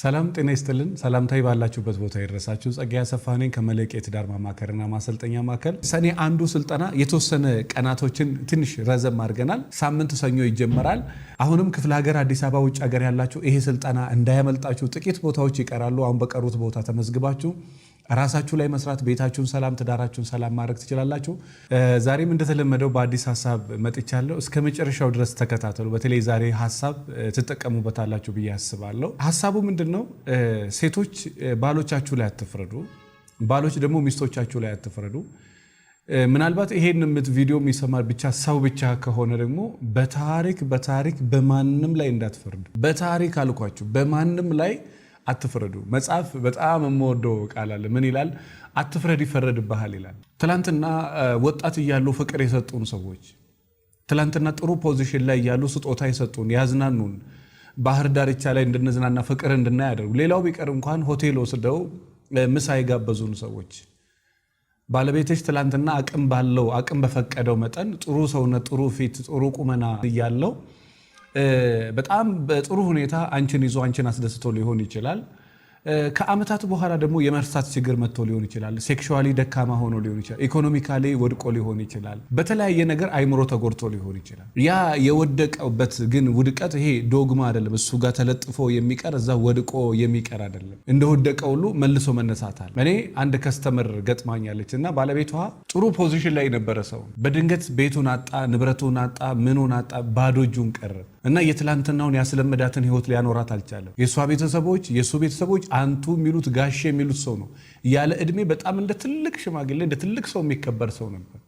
ሰላም ጤና ይስጥልን። ሰላምታዊ ባላችሁበት ቦታ የደረሳችሁ ጸጋ ያሰፋ ነኝ ከመልሕቅ የትዳር ማማከርና ማሰልጠኛ ማዕከል። ሰኔ አንዱ ስልጠና የተወሰነ ቀናቶችን ትንሽ ረዘም አድርገናል። ሳምንት ሰኞ ይጀመራል። አሁንም ክፍለ ሀገር፣ አዲስ አበባ፣ ውጭ ሀገር ያላችሁ ይሄ ስልጠና እንዳያመልጣችሁ። ጥቂት ቦታዎች ይቀራሉ። አሁን በቀሩት ቦታ ተመዝግባችሁ ራሳችሁ ላይ መስራት፣ ቤታችሁን ሰላም፣ ትዳራችሁን ሰላም ማድረግ ትችላላችሁ። ዛሬም እንደተለመደው በአዲስ ሀሳብ መጥቻለሁ። እስከ መጨረሻው ድረስ ተከታተሉ። በተለይ ዛሬ ሀሳብ ትጠቀሙበታላችሁ ብዬ አስባለሁ። ሀሳቡ ምንድን ነው? ሴቶች ባሎቻችሁ ላይ አትፍረዱ፣ ባሎች ደግሞ ሚስቶቻችሁ ላይ አትፍረዱ። ምናልባት ይሄን ምት ቪዲዮ የሚሰማ ብቻ ሰው ብቻ ከሆነ ደግሞ በታሪክ በታሪክ በማንም ላይ እንዳትፈርዱ። በታሪክ አልኳችሁ በማንም ላይ አትፍረዱ። መጽሐፍ በጣም የምወደው ቃል አለ። ምን ይላል? አትፍረድ ይፈረድብሃል ይላል። ትላንትና ወጣት እያሉ ፍቅር የሰጡን ሰዎች፣ ትላንትና ጥሩ ፖዚሽን ላይ እያሉ ስጦታ የሰጡን ያዝናኑን፣ ባህር ዳርቻ ላይ እንድንዝናና ፍቅር እንድና ያደርጉ፣ ሌላው ቢቀር እንኳን ሆቴል ወስደው ምሳ የጋበዙን ሰዎች ባለቤቶች ትላንትና አቅም ባለው አቅም በፈቀደው መጠን ጥሩ ሰውነት፣ ጥሩ ፊት፣ ጥሩ ቁመና እያለው በጣም በጥሩ ሁኔታ አንቺን ይዞ አንቺን አስደስቶ ሊሆን ይችላል። ከአመታት በኋላ ደግሞ የመርሳት ችግር መጥቶ ሊሆን ይችላል። ሴክሹዋሊ ደካማ ሆኖ ሊሆን ይችላል። ኢኮኖሚካሊ ወድቆ ሊሆን ይችላል። በተለያየ ነገር አይምሮ ተጎድቶ ሊሆን ይችላል። ያ የወደቀበት ግን ውድቀት ይሄ ዶግማ አይደለም። እሱ ጋር ተለጥፎ የሚቀር እዛ ወድቆ የሚቀር አይደለም። እንደወደቀ ሁሉ መልሶ መነሳት አለ። እኔ አንድ ከስተመር ገጥማኛለች እና ባለቤቷ ጥሩ ፖዚሽን ላይ የነበረ ሰው በድንገት ቤቱን አጣ፣ ንብረቱን አጣ፣ ምኑን አጣ፣ ባዶ እጁን ቀረ። እና የትላንትናውን ያስለመዳትን ህይወት ሊያኖራት አልቻለም። የእሷ ቤተሰቦች የእሱ ቤተሰቦች አንቱ የሚሉት ጋሽ የሚሉት ሰው ነው ያለ እድሜ በጣም እንደ ትልቅ ሽማግሌ እንደ ትልቅ ሰው የሚከበር ሰው ነበር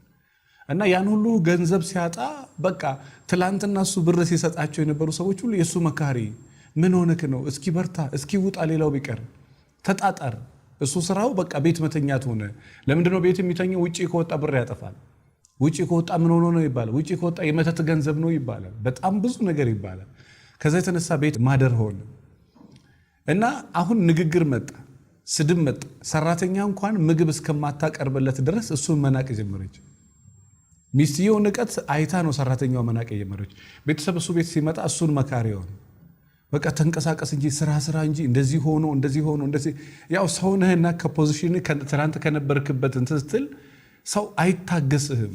እና ያን ሁሉ ገንዘብ ሲያጣ በቃ ትላንትና እሱ ብር ሲሰጣቸው የነበሩ ሰዎች ሁሉ የእሱ መካሪ ምን ሆነክ ነው? እስኪ በርታ፣ እስኪ ውጣ፣ ሌላው ቢቀር ተጣጣር። እሱ ስራው በቃ ቤት መተኛት ሆነ። ለምንድነው ቤት የሚተኘው? ውጭ ከወጣ ብር ያጠፋል። ውጭ ከወጣ ምን ሆኖ ነው ይባላል። ውጭ ከወጣ የመተት ገንዘብ ነው ይባላል። በጣም ብዙ ነገር ይባላል። ከዛ የተነሳ ቤት ማደር ሆነ እና አሁን ንግግር መጣ፣ ስድብ መጣ። ሰራተኛ እንኳን ምግብ እስከማታቀርብለት ድረስ እሱን መናቅ ጀመረች። ሚስትየው ንቀት አይታ ነው ሰራተኛው መናቅ የጀመረች። ቤተሰብ እሱ ቤት ሲመጣ እሱን መካሪ ሆነ። በቃ ተንቀሳቀስ እንጂ ስራ ስራ እንጂ እንደዚህ ሆኖ እንደዚህ ሆኖ እንደዚህ ያው ሰውነህና ከፖዚሽን ትናንት ከነበርክበት እንትን ስትል ሰው አይታገስህም።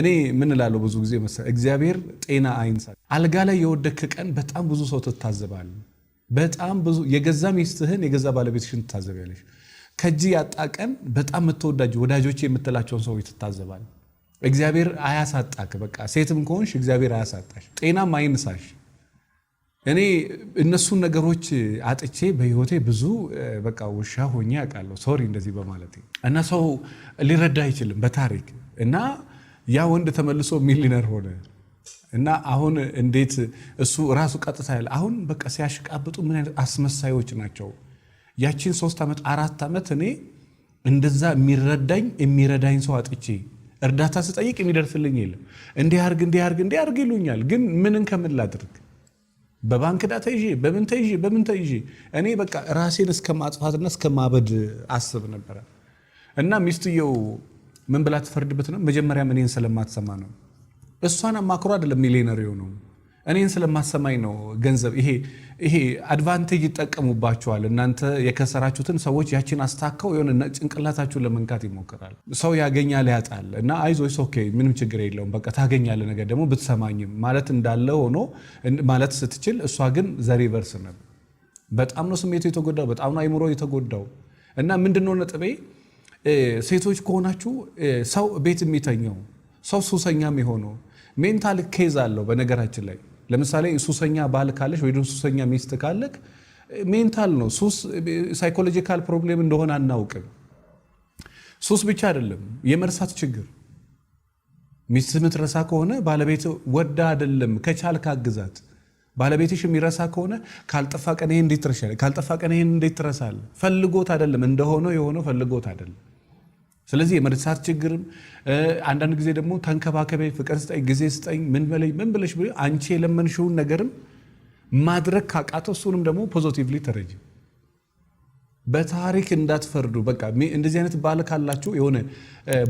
እኔ ምን እላለሁ ብዙ ጊዜ መሰ እግዚአብሔር ጤና አይንሳ። አልጋ ላይ የወደክ ቀን በጣም ብዙ ሰው ትታዘባል። በጣም ብዙ የገዛ ሚስትህን የገዛ ባለቤትሽን ትታዘቢያለሽ። ከእጅ ያጣ ቀን በጣም የምትወዳጅ ወዳጆች የምትላቸውን ሰው ትታዘባል። እግዚአብሔር አያሳጣክ። በቃ ሴትም ከሆንሽ እግዚአብሔር አያሳጣሽ፣ ጤናም አይንሳሽ። እኔ እነሱን ነገሮች አጥቼ በህይወቴ ብዙ በቃ ውሻ ሆኜ አውቃለሁ። ሶሪ እንደዚህ በማለት እና ሰው ሊረዳ አይችልም በታሪክ እና ያ ወንድ ተመልሶ ሚሊነር ሆነ እና አሁን እንዴት እሱ ራሱ ቀጥታ ያለ አሁን በቃ ሲያሽቃብጡ ምን አይነት አስመሳዮች ናቸው። ያቺን ሶስት ዓመት አራት ዓመት እኔ እንደዛ የሚረዳኝ የሚረዳኝ ሰው አጥቼ እርዳታ ስጠይቅ የሚደርስልኝ የለም። እንዲህ አርግ እንዲህ አርግ እንዲህ አርግ ይሉኛል። ግን ምንን ከምን ላድርግ? በባንክ ዳ ተይዤ በምን ተይዤ በምን ተይዤ እኔ በቃ ራሴን እስከ ማጥፋትና እስከ ማበድ አስብ ነበረ እና ሚስትየው ምን ብላ ትፈርድበት ነው? መጀመሪያም እኔን ስለማትሰማ ነው። እሷን አማክሮ አይደለም ሚሊነር የሆነው እኔን ስለማሰማኝ ነው። ገንዘብ ይሄ ይሄ አድቫንቴጅ ይጠቀሙባቸዋል። እናንተ የከሰራችሁትን ሰዎች ያችን አስታከው የሆነ ጭንቅላታችሁን ለመንካት ይሞክራል። ሰው ያገኛል ያጣል እና አይዞሽ ኦኬ፣ ምንም ችግር የለውም በቃ ታገኛለ ነገር ደግሞ ብትሰማኝም ማለት እንዳለ ሆኖ ማለት ስትችል፣ እሷ ግን ዘሪቨርስ ነበር። በጣም ነው ስሜቱ የተጎዳው፣ በጣም ነው አይምሮ የተጎዳው እና ምንድነው ነጥቤ ሴቶች ከሆናችሁ ሰው ቤት የሚተኘው ሰው ሱሰኛ የሚሆነው ሜንታል ኬዝ አለው። በነገራችን ላይ ለምሳሌ ሱሰኛ ባል ካለች ወይ ሱሰኛ ሚስት ካለክ ሜንታል ነው። ሱስ ሳይኮሎጂካል ፕሮብሌም እንደሆነ አናውቅም። ሱስ ብቻ አይደለም፣ የመርሳት ችግር። ሚስት የምትረሳ ከሆነ ባለቤት ወዳ አይደለም፣ ከቻል ካግዛት ባለቤትሽ የሚረሳ ከሆነ ካልጠፋ ቀን ይሄን እንዴት ትረሻለህ? ካልጠፋ ቀን ይሄን እንዴት ትረሳለህ? ፈልጎት አይደለም እንደሆነ የሆነው ፈልጎት አይደለም። ስለዚህ የመርሳት ችግርም አንዳንድ ጊዜ ደግሞ ተንከባከበኝ፣ ፍቅር ስጠኝ፣ ጊዜ ስጠኝ፣ ምን በለኝ ምን ብለሽ አንቺ የለመንሽውን ነገርም ማድረግ ካቃተው እሱንም ደግሞ ፖዚቲቭሊ ተረጅ በታሪክ እንዳትፈርዱ። በቃ እንደዚህ አይነት ባል ካላችሁ የሆነ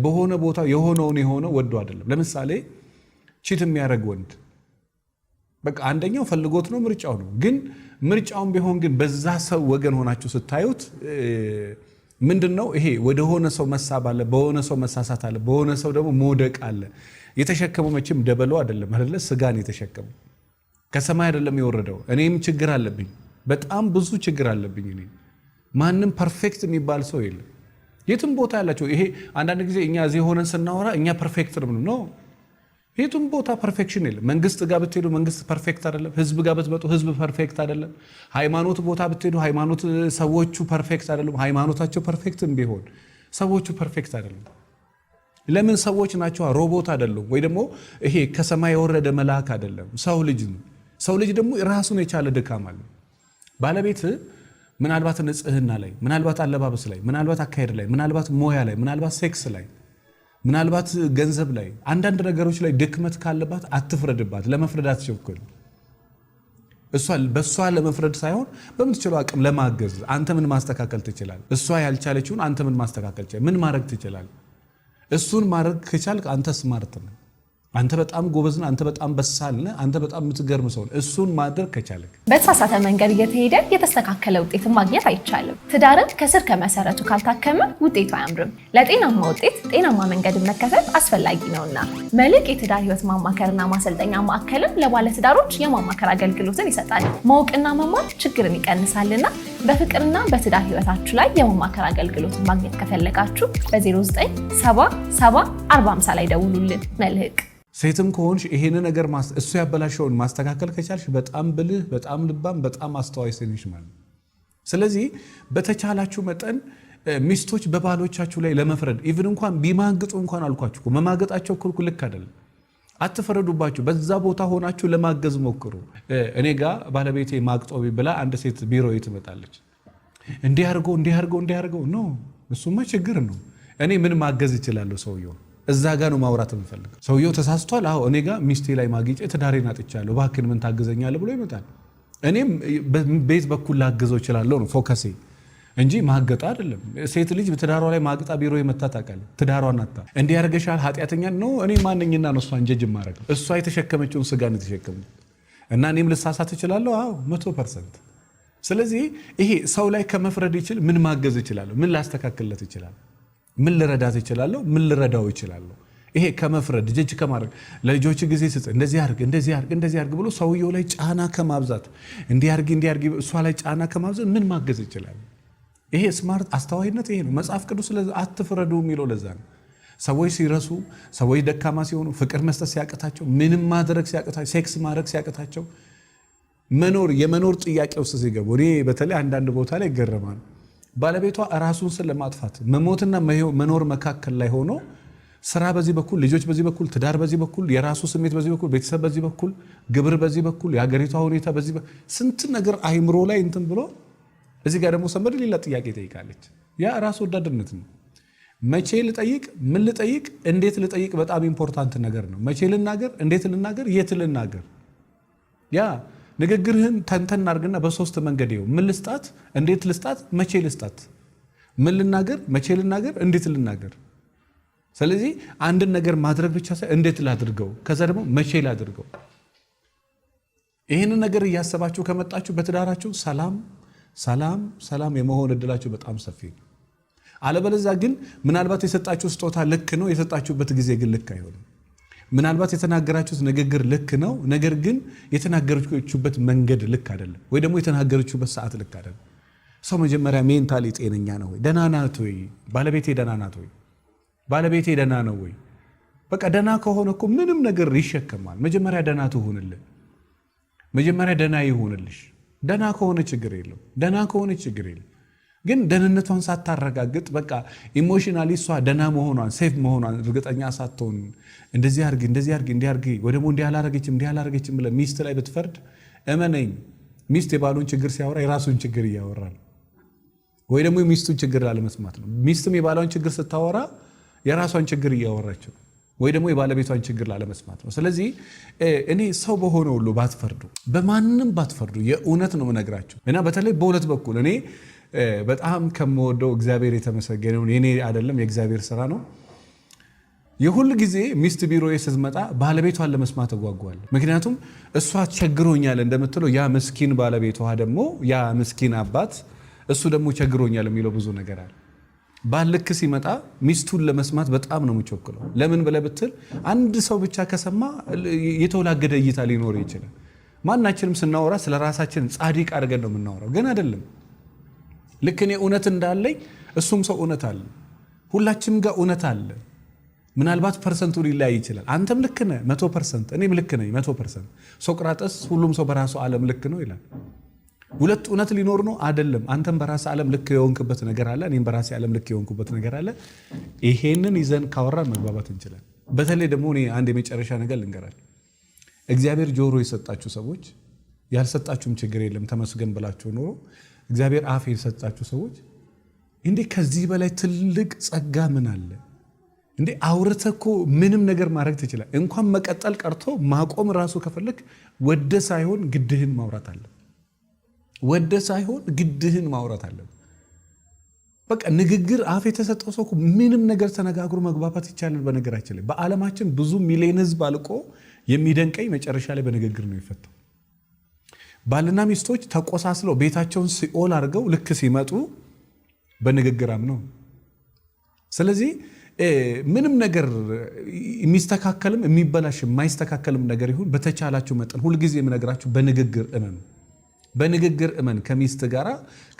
በሆነ ቦታ የሆነውን የሆነ ወዶ አይደለም። ለምሳሌ ቺት የሚያደርግ ወንድ በቃ አንደኛው ፈልጎት ነው፣ ምርጫው ነው። ግን ምርጫውን ቢሆን ግን በዛ ሰው ወገን ሆናችሁ ስታዩት ምንድን ነው ይሄ? ወደሆነ ሰው መሳብ አለ፣ በሆነ ሰው መሳሳት አለ፣ በሆነ ሰው ደግሞ መውደቅ አለ። የተሸከመው መቼም ደበሎ አይደለም አይደለ? ስጋን የተሸከመው ከሰማይ አይደለም የወረደው። እኔም ችግር አለብኝ፣ በጣም ብዙ ችግር አለብኝ። እኔ ማንም ፐርፌክት የሚባል ሰው የለም የትም ቦታ ያላቸው። ይሄ አንዳንድ ጊዜ እኛ እዚህ ሆነን ስናወራ እኛ ፐርፌክት ነው የቱም ቦታ ፐርፌክሽን የለም። መንግስት ጋር ብትሄዱ መንግስት ፐርፌክት አይደለም። ህዝብ ጋር ብትመጡ ህዝብ ፐርፌክት አይደለም። ሃይማኖት ቦታ ብትሄዱ ሃይማኖት ሰዎቹ ፐርፌክት አይደለም። ሃይማኖታቸው ፐርፌክትም ቢሆን ሰዎቹ ፐርፌክት አይደለም። ለምን ሰዎች ናቸው፣ ሮቦት አይደሉም። ወይ ደግሞ ይሄ ከሰማይ የወረደ መልአክ አይደለም፣ ሰው ልጅ ነው። ሰው ልጅ ደግሞ ራሱን የቻለ ድካም አለ። ባለቤት ምናልባት ንጽህና ላይ፣ ምናልባት አለባበስ ላይ፣ ምናልባት አካሄድ ላይ፣ ምናልባት ሞያ ላይ፣ ምናልባት ሴክስ ላይ ምናልባት ገንዘብ ላይ አንዳንድ ነገሮች ላይ ድክመት ካለባት አትፍረድባት። ለመፍረድ አትቸኩል። እሷ በእሷ ለመፍረድ ሳይሆን በምትችለው አቅም ለማገዝ አንተ ምን ማስተካከል ትችላል፣ እሷ ያልቻለችውን አንተ ምን ማስተካከል ምን ማድረግ ትችላል፣ እሱን ማድረግ ከቻልክ አንተ ስማርት ነው። አንተ በጣም ጎበዝን፣ አንተ በጣም በሳልን፣ አንተ በጣም የምትገርም ሰውን እሱን ማድረግ ከቻለ በተሳሳተ መንገድ እየተሄደ የተስተካከለ ውጤትን ማግኘት አይቻልም። ትዳርን ከስር ከመሰረቱ ካልታከመ ውጤቱ አያምርም። ለጤናማ ውጤት ጤናማ መንገድን መከተል አስፈላጊ ነውና መልሕቅ የትዳር ህይወት ማማከርና ማሰልጠኛ ማዕከልም ለባለትዳሮች የማማከር አገልግሎትን ይሰጣል። ማወቅና መማር ችግርን ይቀንሳልና በፍቅርና በትዳር ህይወታችሁ ላይ የማማከር አገልግሎትን ማግኘት ከፈለጋችሁ በ0977 45 ላይ ደውሉልን። መልሕቅ ሴትም ከሆንሽ ይሄን ነገር እሱ ያበላሸውን ማስተካከል ከቻልሽ በጣም ብልህ፣ በጣም ልባም፣ በጣም አስተዋይ ሴት ነሽ ማለት ነው። ስለዚህ በተቻላችሁ መጠን ሚስቶች በባሎቻችሁ ላይ ለመፍረድ ኢቭን እንኳን ቢማግጡ እንኳን አልኳችሁ፣ መማገጣቸው ክልኩ ልክ አይደለም። አትፈረዱባችሁ። በዛ ቦታ ሆናችሁ ለማገዝ ሞክሩ። እኔ ጋ ባለቤቴ ማግጦ ብላ አንድ ሴት ቢሮ ትመጣለች። እንዲያርገው እንዲያርገው እንዲያርገው ነው። እሱማ ችግር ነው። እኔ ምን ማገዝ ይችላለሁ ሰውየው እዛ ጋር ነው ማውራት የምፈልገው። ሰውየው ተሳስቷል። አዎ እኔ ጋር ሚስቴ ላይ ማግኘት ትዳሬን አጥቻለሁ፣ እባክህን ምን ታግዘኛለህ ብሎ ይመጣል። እኔም ቤት በኩል ላግዘው እችላለሁ ነው ፎከሴ እንጂ ማገጣ አይደለም። ሴት ልጅ ትዳሯ ላይ ማግጣ ቢሮ የመታ ታውቃለህ። ትዳሯ ናታ እንዲህ ያደርገሻል ኃጢአተኛ ነው። እኔ ማንኝና ነው እሷን ጀጅ ማድረግ? እሷ የተሸከመችውን ስጋ ነው የተሸከመችው እና እኔም ልሳሳት እችላለሁ። አዎ መቶ ፐርሰንት። ስለዚህ ይሄ ሰው ላይ ከመፍረድ ይችል ምን ማገዝ እችላለሁ? ምን ላስተካክልለት እችላለሁ? ምን ልረዳት ይችላለሁ? ምን ልረዳው ይችላለሁ? ይሄ ከመፍረድ ጀጅ ከማድረግ ለልጆች ጊዜ ስጥ፣ እንደዚህ አርግ፣ እንደዚህ አርግ፣ እንደዚህ አርግ ብሎ ሰውየው ላይ ጫና ከማብዛት እንዲያርግ እንዲያርግ እሷ ላይ ጫና ከማብዛት ምን ማገዝ ይችላል? ይሄ ስማርት አስተዋይነት ይሄ ነው። መጽሐፍ ቅዱስ አትፍረዱ የሚለው ለዛ ነው። ሰዎች ሲረሱ፣ ሰዎች ደካማ ሲሆኑ፣ ፍቅር መስጠት ሲያቅታቸው፣ ምንም ማድረግ ሲያቅታቸው፣ ሴክስ ማድረግ ሲያቅታቸው መኖር የመኖር ጥያቄ ውስጥ ሲገቡ እኔ በተለይ አንዳንድ ቦታ ላይ ይገረማል። ባለቤቷ ራሱን ስን ለማጥፋት መሞትና መኖር መካከል ላይ ሆኖ ስራ በዚህ በኩል ልጆች በዚህ በኩል ትዳር በዚህ በኩል የራሱ ስሜት በዚህ በኩል ቤተሰብ በዚህ በኩል ግብር በዚህ በኩል የሀገሪቷ ሁኔታ በዚህ ስንት ነገር አይምሮ ላይ እንትን ብሎ እዚህ ጋር ደግሞ ሰመድ ሌላ ጥያቄ ጠይቃለች። ያ ራስ ወዳድነት ነው። መቼ ልጠይቅ፣ ምን ልጠይቅ፣ እንዴት ልጠይቅ በጣም ኢምፖርታንት ነገር ነው። መቼ ልናገር፣ እንዴት ልናገር፣ የት ልናገር ያ ንግግርህን ተንተን አድርግና በሶስት መንገድ ይው ምን ልስጣት፣ እንዴት ልስጣት፣ መቼ ልስጣት፣ ምን ልናገር፣ መቼ ልናገር፣ እንዴት ልናገር። ስለዚህ አንድን ነገር ማድረግ ብቻ ሳይሆን እንዴት ላድርገው፣ ከዛ ደግሞ መቼ ላድርገው። ይህንን ነገር እያሰባችሁ ከመጣችሁ በትዳራችሁ ሰላም ሰላም ሰላም የመሆን እድላችሁ በጣም ሰፊ ነው። አለበለዚያ ግን ምናልባት የሰጣችሁ ስጦታ ልክ ነው፣ የሰጣችሁበት ጊዜ ግን ልክ አይሆንም። ምናልባት የተናገራችሁት ንግግር ልክ ነው፣ ነገር ግን የተናገረችበት መንገድ ልክ አይደለም፣ ወይ ደግሞ የተናገረችበት ሰዓት ልክ አይደለም። ሰው መጀመሪያ ሜንታሊ ጤነኛ ነው ወይ? ደህና ናት ወይ? ባለቤቴ ደህና ናት ወይ? ባለቤቴ ደህና ነው ወይ? በቃ ደህና ከሆነ እኮ ምንም ነገር ይሸከማል። መጀመሪያ ደህና ትሆንልን፣ መጀመሪያ ደህና ይሆንልሽ። ደህና ከሆነ ችግር የለው፣ ደህና ከሆነ ችግር የለም። ግን ደህንነቷን ሳታረጋግጥ በቃ ኢሞሽናሊ እሷ ደህና መሆኗን ሴፍ መሆኗን እርግጠኛ ሳትሆን እንደዚህ አርጊ እንደዚህ አርጊ እንዲህ አርጊ ወይ ደግሞ እንዲህ አላረገችም እንዲህ አላረገችም ብለህ ሚስት ላይ ብትፈርድ እመነኝ፣ ሚስት የባሉን ችግር ሲያወራ የራሱን ችግር እያወራል ወይ ደግሞ የሚስቱን ችግር ላለመስማት ነው። ሚስትም የባሏን ችግር ስታወራ የራሷን ችግር እያወራቸው ወይ ደግሞ የባለቤቷን ችግር ላለመስማት ነው። ስለዚህ እኔ ሰው በሆነ ሁሉ ባትፈርዱ፣ በማንም ባትፈርዱ የእውነት ነው የምነግራቸው እና በተለይ በሁለት በኩል እኔ በጣም ከምወደው እግዚአብሔር የተመሰገነውን የኔ አይደለም የእግዚአብሔር ስራ ነው። የሁል ጊዜ ሚስት ቢሮ ስትመጣ ባለቤቷን ለመስማት እጓጓል ምክንያቱም እሷ ቸግሮኛል እንደምትለው ያ ምስኪን ባለቤቷ ደግሞ ያ ምስኪን አባት እሱ ደግሞ ቸግሮኛል የሚለው ብዙ ነገር አለ። ባልክ ሲመጣ ሚስቱን ለመስማት በጣም ነው የምቸኩለው። ለምን ብለህ ብትል አንድ ሰው ብቻ ከሰማ የተወላገደ እይታ ሊኖር ይችላል። ማናችንም ስናወራ ስለ ራሳችን ጻድቅ አድርገን ነው የምናወራው፣ ግን አይደለም ልክ እኔ እውነት እንዳለኝ እሱም ሰው እውነት አለ። ሁላችንም ጋር እውነት አለ። ምናልባት ፐርሰንቱ ሊለያይ ይችላል። አንተም ልክ ነህ መቶ ፐርሰንት፣ እኔም ልክ ነኝ መቶ ፐርሰንት። ሶቅራጠስ ሁሉም ሰው በራሱ ዓለም ልክ ነው ይላል። ሁለት እውነት ሊኖር ነው አይደለም። አንተም በራስ ዓለም ልክ የሆንክበት ነገር አለ፣ እኔም በራሴ ዓለም ልክ የሆንኩበት ነገር አለ። ይሄንን ይዘን ካወራን መግባባት እንችላል። በተለይ ደግሞ እኔ አንድ የመጨረሻ ነገር ልንገራል። እግዚአብሔር ጆሮ የሰጣችሁ ሰዎች ያልሰጣችሁም ችግር የለም ተመስገን ብላችሁ ኖሮ እግዚአብሔር አፍ የሰጣችሁ ሰዎች እንዴ ከዚህ በላይ ትልቅ ጸጋ ምን አለ እንዴ? አውርተኮ እኮ ምንም ነገር ማድረግ ትችላል። እንኳን መቀጠል ቀርቶ ማቆም ራሱ ከፈለግ ወደ ሳይሆን ግድህን ማውራት አለ። ወደ ሳይሆን ግድህን ማውራት አለ። በቃ ንግግር አፍ የተሰጠው ሰው ምንም ነገር ተነጋግሮ መግባባት ይቻላል። በነገራችን ላይ በዓለማችን ብዙ ሚሊዮን ህዝብ አልቆ የሚደንቀኝ መጨረሻ ላይ በንግግር ነው ይፈታው። ባልና ሚስቶች ተቆሳስለው ቤታቸውን ሲኦል አድርገው ልክ ሲመጡ በንግግር ነው። ስለዚህ ምንም ነገር የሚስተካከልም የሚበላሽ የማይስተካከልም ነገር ይሁን በተቻላችሁ መጠን ሁልጊዜ የምነግራችሁ በንግግር እመኑ። በንግግር እመን ከሚስት ጋር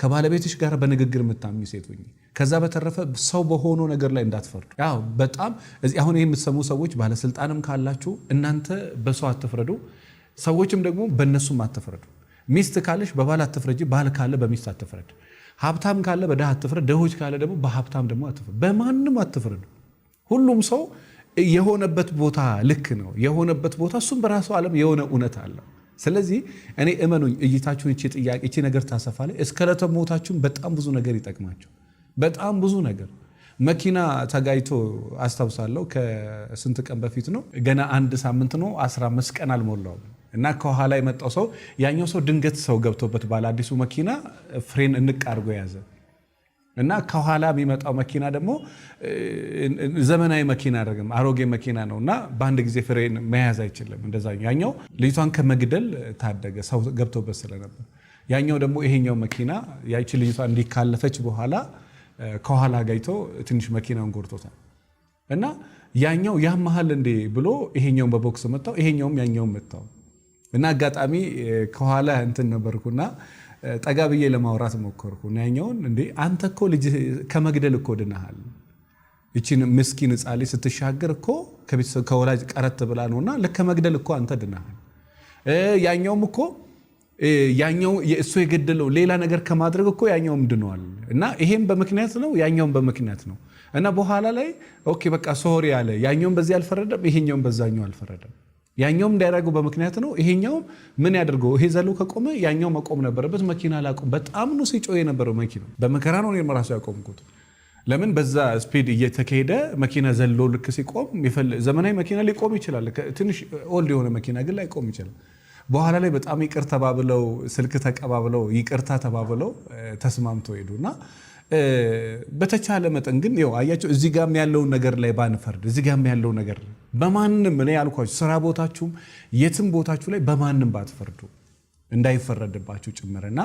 ከባለቤትሽ ጋር በንግግር የምታሚ ሴት ሁኚ። ከዛ በተረፈ ሰው በሆነ ነገር ላይ እንዳትፈርዱ። ያው በጣም እዚህ አሁን ይህ የምትሰሙ ሰዎች ባለስልጣንም ካላችሁ እናንተ በሰው አትፍረዱ፣ ሰዎችም ደግሞ በእነሱም አትፍረዱ። ሚስት ካለሽ በባል አትፍረጂ። ባል ካለ በሚስት አትፍረድ። ሀብታም ካለ በድሃ አትፍረድ። ደሆች ካለ ደግሞ በሀብታም ደግሞ አትፍረድ። በማንም አትፍረድ። ሁሉም ሰው የሆነበት ቦታ ልክ ነው የሆነበት ቦታ እሱም በራሱ ዓለም የሆነ እውነት አለ። ስለዚህ እኔ እመኑኝ እይታችሁን እቺ ጥያቄ እቺ ነገር ታሰፋለ እስከ ለተሞታችሁን በጣም ብዙ ነገር ይጠቅማቸው በጣም ብዙ ነገር መኪና ተጋይቶ አስታውሳለሁ። ከስንት ቀን በፊት ነው ገና አንድ ሳምንት ነው 15 ቀን አልሞላውም እና ከኋላ የመጣው ሰው ያኛው ሰው ድንገት ሰው ገብቶበት ባለ አዲሱ መኪና ፍሬን እንቅ አድርጎ የያዘ እና ከኋላ የሚመጣው መኪና ደግሞ ዘመናዊ መኪና አደረግም አሮጌ መኪና ነው እና በአንድ ጊዜ ፍሬን መያዝ አይችልም። እንደዛ ያኛው ልጅቷን ከመግደል ታደገ ሰው ገብቶበት ስለነበር፣ ያኛው ደግሞ ይሄኛው መኪና ያቺ ልጅቷ እንዲካለፈች በኋላ ከኋላ ገይቶ ትንሽ መኪናውን ጎድቶታል እና ያኛው መሀል እንዴ ብሎ ይሄኛውን በቦክስ መታው፣ ይሄኛውም ያኛውም መታው። እና አጋጣሚ ከኋላ እንትን ነበርኩና ጠጋ ብዬ ለማውራት ሞከርኩ። ያኛውን እን አንተ እኮ ልጅ ከመግደል እኮ ድናሃል። እችን ምስኪን ሕፃን ልጅ ስትሻገር እኮ ከቤተሰብ ከወላጅ ቀረት ብላ ነውና ከመግደል እኮ አንተ ድናሃል። ያኛውም እኮ ያኛው እሱ የገደለው ሌላ ነገር ከማድረግ እኮ ያኛውም ድነዋል። እና ይሄም በምክንያት ነው ያኛውም በምክንያት ነው። እና በኋላ ላይ ኦኬ በቃ ሶሪ አለ። ያኛውም በዚህ አልፈረደም፣ ይሄኛውም በዛኛው አልፈረደም። ያኛውም እንዳያደርገው በምክንያት ነው። ይሄኛውም ምን ያደርገው? ይሄ ዘሎ ከቆመ ያኛው መቆም ነበረበት። መኪና አላቆም። በጣም ነው ሲጮ የነበረው መኪና። በመከራ ነው እኔም ራሱ ያቆምኩት። ለምን በዛ ስፒድ እየተካሄደ መኪና ዘሎ ልክ ሲቆም፣ ዘመናዊ መኪና ሊቆም ይችላል። ትንሽ ኦልድ የሆነ መኪና ግን ላይቆም ይችላል። በኋላ ላይ በጣም ይቅር ተባብለው ስልክ ተቀባብለው ይቅርታ ተባብለው ተስማምተው ሄዱ እና በተቻለ መጠን ግን ው አያቸው እዚህ ጋም ያለውን ነገር ላይ ባንፈርድ፣ እዚህ ጋም ያለው ነገር በማንም እኔ ያልኳችሁ ስራ ቦታችሁም የትም ቦታችሁ ላይ በማንም ባትፈርዱ እንዳይፈረድባችሁ ጭምርና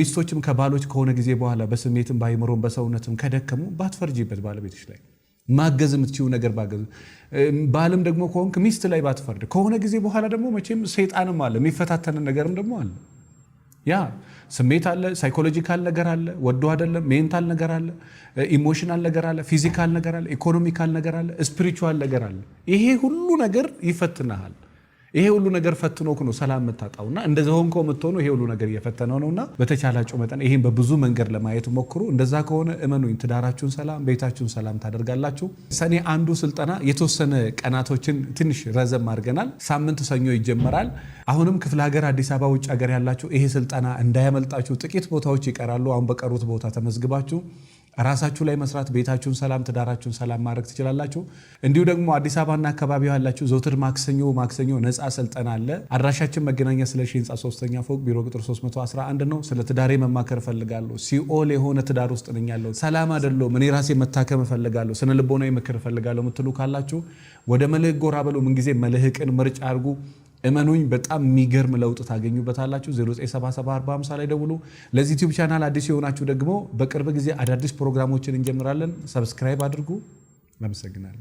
ሚስቶችም ከባሎች ከሆነ ጊዜ በኋላ በስሜትም በአይምሮም በሰውነትም ከደከሙ ባትፈርጂበት ባለቤቶች ላይ ማገዝ የምትችው ነገር ባገዝ። ባልም ደግሞ ከሆንክ ሚስት ላይ ባትፈርድ ከሆነ ጊዜ በኋላ ደግሞ መቼም ሰይጣንም አለ የሚፈታተንን ነገርም ደግሞ አለ ያ ስሜት አለ፣ ሳይኮሎጂካል ነገር አለ፣ ወዶ አይደለም፣ ሜንታል ነገር አለ፣ ኢሞሽናል ነገር አለ፣ ፊዚካል ነገር አለ፣ ኢኮኖሚካል ነገር አለ፣ ስፒሪቹዋል ነገር አለ። ይሄ ሁሉ ነገር ይፈትናሃል። ይሄ ሁሉ ነገር ፈትኖ ነው ሰላም የምታጣውና እንደዛ ሆንኮ የምትሆኑ ይሄ ሁሉ ነገር እየፈተነው ነውና በተቻላችሁ መጠን ይሄን በብዙ መንገድ ለማየት ሞክሩ። እንደዛ ከሆነ እመኑኝ ትዳራችሁን ሰላም፣ ቤታችሁን ሰላም ታደርጋላችሁ። ሰኔ አንዱ ስልጠና የተወሰነ ቀናቶችን ትንሽ ረዘም አድርገናል። ሳምንት ሰኞ ይጀመራል። አሁንም ክፍለ ሀገር፣ አዲስ አበባ፣ ውጭ ሀገር ያላችሁ ይሄ ስልጠና እንዳያመልጣችሁ። ጥቂት ቦታዎች ይቀራሉ። አሁን በቀሩት ቦታ ተመዝግባችሁ ራሳችሁ ላይ መስራት፣ ቤታችሁን ሰላም፣ ትዳራችሁን ሰላም ማድረግ ትችላላችሁ። እንዲሁ ደግሞ አዲስ አበባና አካባቢ ያላችሁ ዘውትር ማክሰኞ ማክሰኞ ነፃ ስልጠና አለ። አድራሻችን መገናኛ ስለ ህንፃ ሶስተኛ ፎቅ ቢሮ ቁጥር 311 ነው። ስለ ትዳሬ መማከር እፈልጋለሁ። ሲኦል የሆነ ትዳር ውስጥ ነኝ ያለው ሰላም አይደለሁም፣ እኔ ራሴ መታከም እፈልጋለሁ፣ ስነ ልቦናዊ ምክር እፈልጋለሁ የምትሉ ካላችሁ ወደ መልህ ጎራ በሉ። ምንጊዜ መልህቅን ምርጫ አድርጉ። እመኑኝ በጣም የሚገርም ለውጥ ታገኙበታላችሁ። 0974 ላይ ደውሉ። ለዚህ ዩቲዩብ ቻናል አዲስ የሆናችሁ ደግሞ በቅርብ ጊዜ አዳዲስ ፕሮግራሞችን እንጀምራለን። ሰብስክራይብ አድርጉ። አመሰግናለሁ።